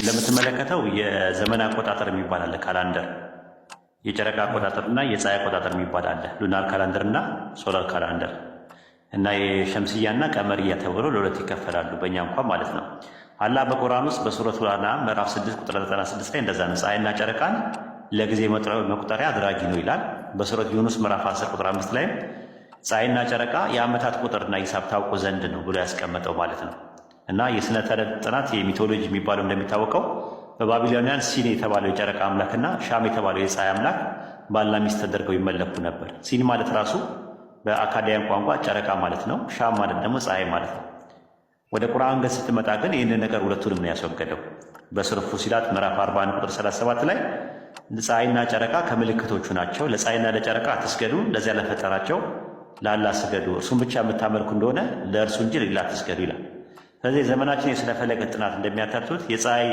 እንደምትመለከተው የዘመን አቆጣጠር የሚባል አለ ካላንደር። የጨረቃ አቆጣጠር እና የፀሐይ አቆጣጠር የሚባል አለ ሉናር ካላንደር እና ሶላር ካላንደር እና የሸምስያ እና ቀመርያ ተብሎ ለሁለት ይከፈላሉ በእኛ እንኳን ማለት ነው። አላህ በቁርአን ውስጥ በሱረቱ አናም ምዕራፍ 6 ቁጥር 96 ላይ እንደዛ ነው ፀሐይና ጨረቃን ለጊዜ መቁጠሪያ አድራጊ ነው ይላል። በሱረት ዩኑስ ምዕራፍ 10 ቁጥር 5 ላይም ፀሐይና ጨረቃ የዓመታት ቁጥርና ሂሳብ ታውቁ ዘንድ ነው ብሎ ያስቀመጠው ማለት ነው። እና የስነ ተረት ጥናት የሚቶሎጂ የሚባለው እንደሚታወቀው በባቢሎኒያን ሲን የተባለው የጨረቃ አምላክ እና ሻም የተባለው የፀሐይ አምላክ ባልና ሚስት ተደርገው ይመለኩ ነበር። ሲን ማለት ራሱ በአካዳያን ቋንቋ ጨረቃ ማለት ነው። ሻም ማለት ደግሞ ፀሐይ ማለት ነው። ወደ ቁርአን ገጽ ስትመጣ ግን ይህንን ነገር ሁለቱንም ነው ያስወገደው። በሱረቱ ፉሲላት ምዕራፍ 41 ቁጥር 37 ላይ ፀሐይና ጨረቃ ከምልክቶቹ ናቸው፣ ለፀሐይና ለጨረቃ አትስገዱ፣ ለዚያ ለፈጠራቸው ላላ ስገዱ፣ እርሱን ብቻ የምታመልኩ እንደሆነ ለእርሱ እንጂ ለሌላ አትስገዱ ይላል። ስለዚህ ዘመናችን የስነ ጥናት እንደሚያተርቱት የፀሐይ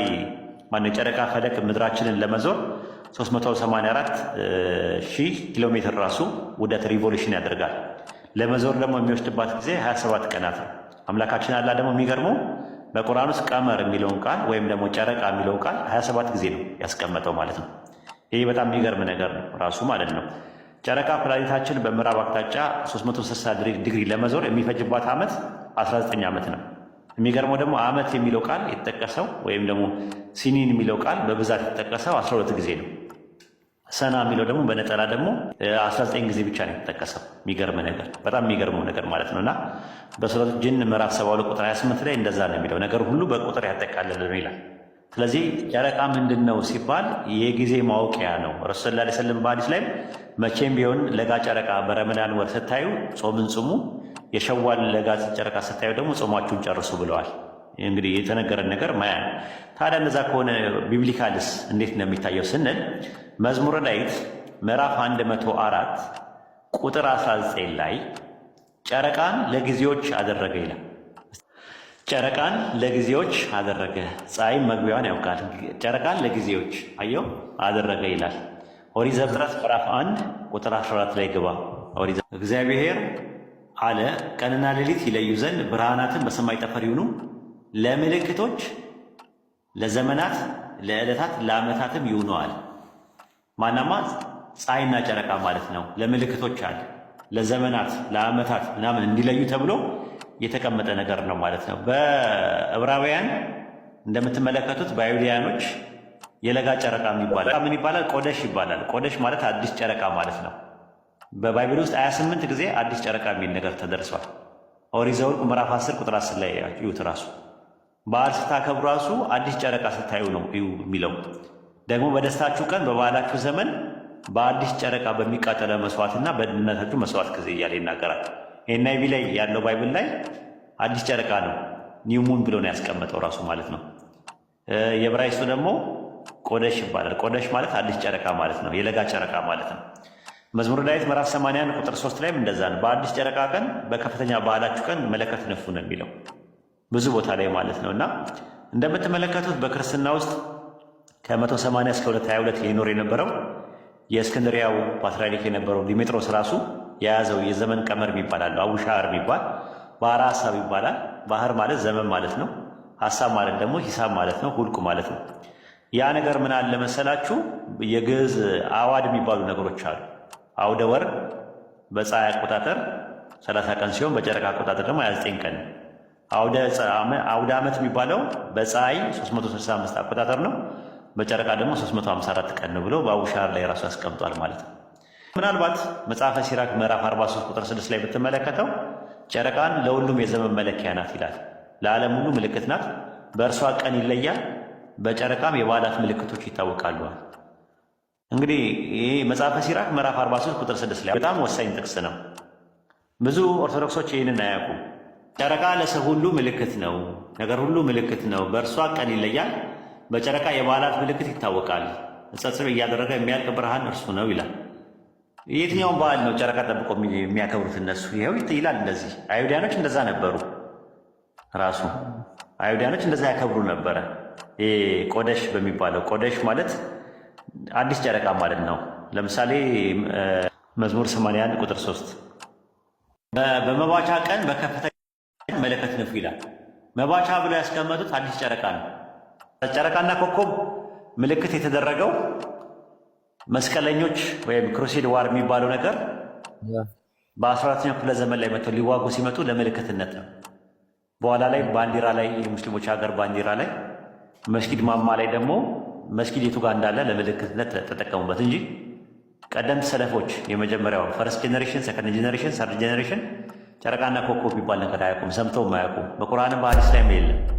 ማነው የጨረቃ ፈለክ ምድራችንን ለመዞር 384 ሺህ ኪሎ ሜትር ራሱ ውደት ሪቮሉሽን ያደርጋል። ለመዞር ደግሞ የሚወስድባት ጊዜ 27 ቀናት ነው። አምላካችን አላ ደግሞ የሚገርመው በቁርአን ውስጥ ቀመር የሚለውን ቃል ወይም ደግሞ ጨረቃ የሚለውን ቃል 27 ጊዜ ነው ያስቀመጠው ማለት ነው። ይህ በጣም የሚገርም ነገር ነው ራሱ ማለት ነው። ጨረቃ ፕላኔታችን በምዕራብ አቅጣጫ 360 ዲግሪ ለመዞር የሚፈጅባት ዓመት 19 ዓመት ነው። የሚገርመው ደግሞ አመት የሚለው ቃል የተጠቀሰው ወይም ደግሞ ሲኒን የሚለው ቃል በብዛት የተጠቀሰው 12 ጊዜ ነው። ሰና የሚለው ደግሞ በነጠላ ደግሞ 19 ጊዜ ብቻ ነው የተጠቀሰው። የሚገርም ነገር በጣም የሚገርመው ነገር ማለት ነው እና በሱረት ጅን ምዕራፍ 72 ቁጥር 28 ላይ እንደዛ ነው የሚለው ነገር ሁሉ በቁጥር ያጠቃልል ነው ይላል። ስለዚህ ጨረቃ ምንድን ነው ሲባል የጊዜ ማወቂያ ነው። ረሱ ላ ስለም በሐዲስ ላይም መቼም ቢሆን ለጋ ጨረቃ በረመዳን ወር ስታዩ ጾምን ጽሙ የሸዋል ለጋዝ ጨረቃ ስታዩ ደግሞ ጾማችሁን ጨርሱ ብለዋል። እንግዲህ የተነገረን ነገር ማያ ታዲያ እነዛ ከሆነ ቢብሊካልስ እንዴት ነው የሚታየው ስንል መዝሙረ ዳዊት ምዕራፍ 104 ቁጥር 19 ላይ ጨረቃን ለጊዜዎች አደረገ ይላል። ጨረቃን ለጊዜዎች አደረገ፣ ፀሐይም መግቢያዋን ያውቃል። ጨረቃን ለጊዜዎች አየው አደረገ ይላል። ኦሪት ዘፍጥረት ምዕራፍ 1 ቁጥር 14 ላይ ግባ እግዚአብሔር አለ ቀንና ሌሊት ይለዩ ዘንድ ብርሃናትን በሰማይ ጠፈር ይሁኑ ለምልክቶች ለዘመናት ለዕለታት ለዓመታትም ይሁኑ ማናማ ፀሐይና ጨረቃ ማለት ነው። ለምልክቶች አለ ለዘመናት ለዓመታት ምናምን እንዲለዩ ተብሎ የተቀመጠ ነገር ነው ማለት ነው። በዕብራውያን እንደምትመለከቱት በአይሁዳያኖች የለጋ ጨረቃ የሚባል ምን ይባላል? ቆደሽ ይባላል። ቆደሽ ማለት አዲስ ጨረቃ ማለት ነው። በባይብል ውስጥ 28 ጊዜ አዲስ ጨረቃ የሚል ነገር ተደርሷል። ኦሪት ዘኍልቍ ምዕራፍ 10 ቁጥር 10 ላይ እዩት። ራሱ በዓል ስታከብሩ ራሱ አዲስ ጨረቃ ስታዩ ነው እዩ የሚለው። ደግሞ በደስታችሁ ቀን በበዓላችሁ ዘመን በአዲስ ጨረቃ በሚቃጠለ መስዋዕትና በድነታችሁ መስዋዕት ጊዜ እያለ ይናገራል። ኤንአይቪ ላይ ያለው ባይብል ላይ አዲስ ጨረቃ ነው ኒውሙን ብሎ ነው ያስቀመጠው ራሱ ማለት ነው። የብራይሱ ደግሞ ቆደሽ ይባላል። ቆደሽ ማለት አዲስ ጨረቃ ማለት ነው። የለጋ ጨረቃ ማለት ነው። መዝሙር ዳዊት ምዕራፍ 81 ቁጥር 3 ላይም እንደዛ ነው። በአዲስ ጨረቃ ቀን በከፍተኛ በዓላችሁ ቀን መለከት ንፉ ነው የሚለው ብዙ ቦታ ላይ ማለት ነው። እና እንደምትመለከቱት በክርስትና ውስጥ ከ180 እስከ 222 ሊኖር የነበረው የእስክንድሪያው ፓትርያርክ የነበረው ዲሜጥሮስ ራሱ የያዘው የዘመን ቀመር የሚባል አለው። አቡሻር የሚባል ባህር ሀሳብ ይባላል። ባህር ማለት ዘመን ማለት ነው። ሀሳብ ማለት ደግሞ ሂሳብ ማለት ነው። ሁልቁ ማለት ነው። ያ ነገር ምን አለ መሰላችሁ፣ የግዕዝ አዋድ የሚባሉ ነገሮች አሉ። አውደ ወር በፀሐይ አቆጣጠር 30 ቀን ሲሆን በጨረቃ አቆጣጠር ደግሞ 29 ቀን። አውደ አውደ ዓመት የሚባለው በፀሐይ 365 አቆጣጠር ነው፣ በጨረቃ ደግሞ 354 ቀን ነው ብሎ በአቡሻር ላይ ራሱ ያስቀምጧል ማለት ነው። ምናልባት መጽሐፈ ሲራክ ምዕራፍ 43 ቁጥር 6 ላይ ብትመለከተው ጨረቃን ለሁሉም የዘመን መለኪያ ናት ይላል። ለዓለም ሁሉ ምልክት ናት። በእርሷ ቀን ይለያል፣ በጨረቃም የበዓላት ምልክቶች ይታወቃሉ። እንግዲህ ይህ መጽሐፈ ሲራክ ምዕራፍ 43 ቁጥር 6 ላይ በጣም ወሳኝ ጥቅስ ነው። ብዙ ኦርቶዶክሶች ይህንን አያውቁም። ጨረቃ ለሰው ሁሉ ምልክት ነው፣ ነገር ሁሉ ምልክት ነው። በእርሷ ቀን ይለያል፣ በጨረቃ የበዓላት ምልክት ይታወቃል። ንጽጽር እያደረገ የሚያልቅ ብርሃን እርሱ ነው ይላል። የትኛውን በዓል ነው ጨረቃ ጠብቆ የሚያከብሩት እነሱ? ይኸው ይላል እንደዚህ። አይሁዳኖች እንደዛ ነበሩ። ራሱ አይሁዳኖች እንደዛ ያከብሩ ነበረ። ቆደሽ በሚባለው ቆደሽ ማለት አዲስ ጨረቃ ማለት ነው። ለምሳሌ መዝሙር 81 ቁጥር 3 በመባቻ ቀን በከፍተኛ መለከት ንፉ ይላል። መባቻ ብለው ያስቀመጡት አዲስ ጨረቃ ነው። ጨረቃና ኮከብ ምልክት የተደረገው መስቀለኞች ወይም ክሩሴድ ዋር የሚባለው ነገር በአስራ አራተኛው ክፍለ ዘመን ላይ መጥተው ሊዋጉ ሲመጡ ለምልክትነት ነው። በኋላ ላይ ባንዲራ ላይ የሙስሊሞች ሀገር ባንዲራ ላይ መስጊድ ማማ ላይ ደግሞ መስጊዴቱ ጋር እንዳለ ለምልክትነት ተጠቀሙበት እንጂ ቀደምት ሰለፎች የመጀመሪያው ፈርስት ጄኔሬሽን፣ ሰከንድ ጄኔሬሽን፣ ሰርድ ጄኔሬሽን ጨረቃና ኮከብ የሚባል ነገር አያውቁም፣ ሰምተውም አያውቁም። በቁርአንም በሀዲስ ላይም የለም።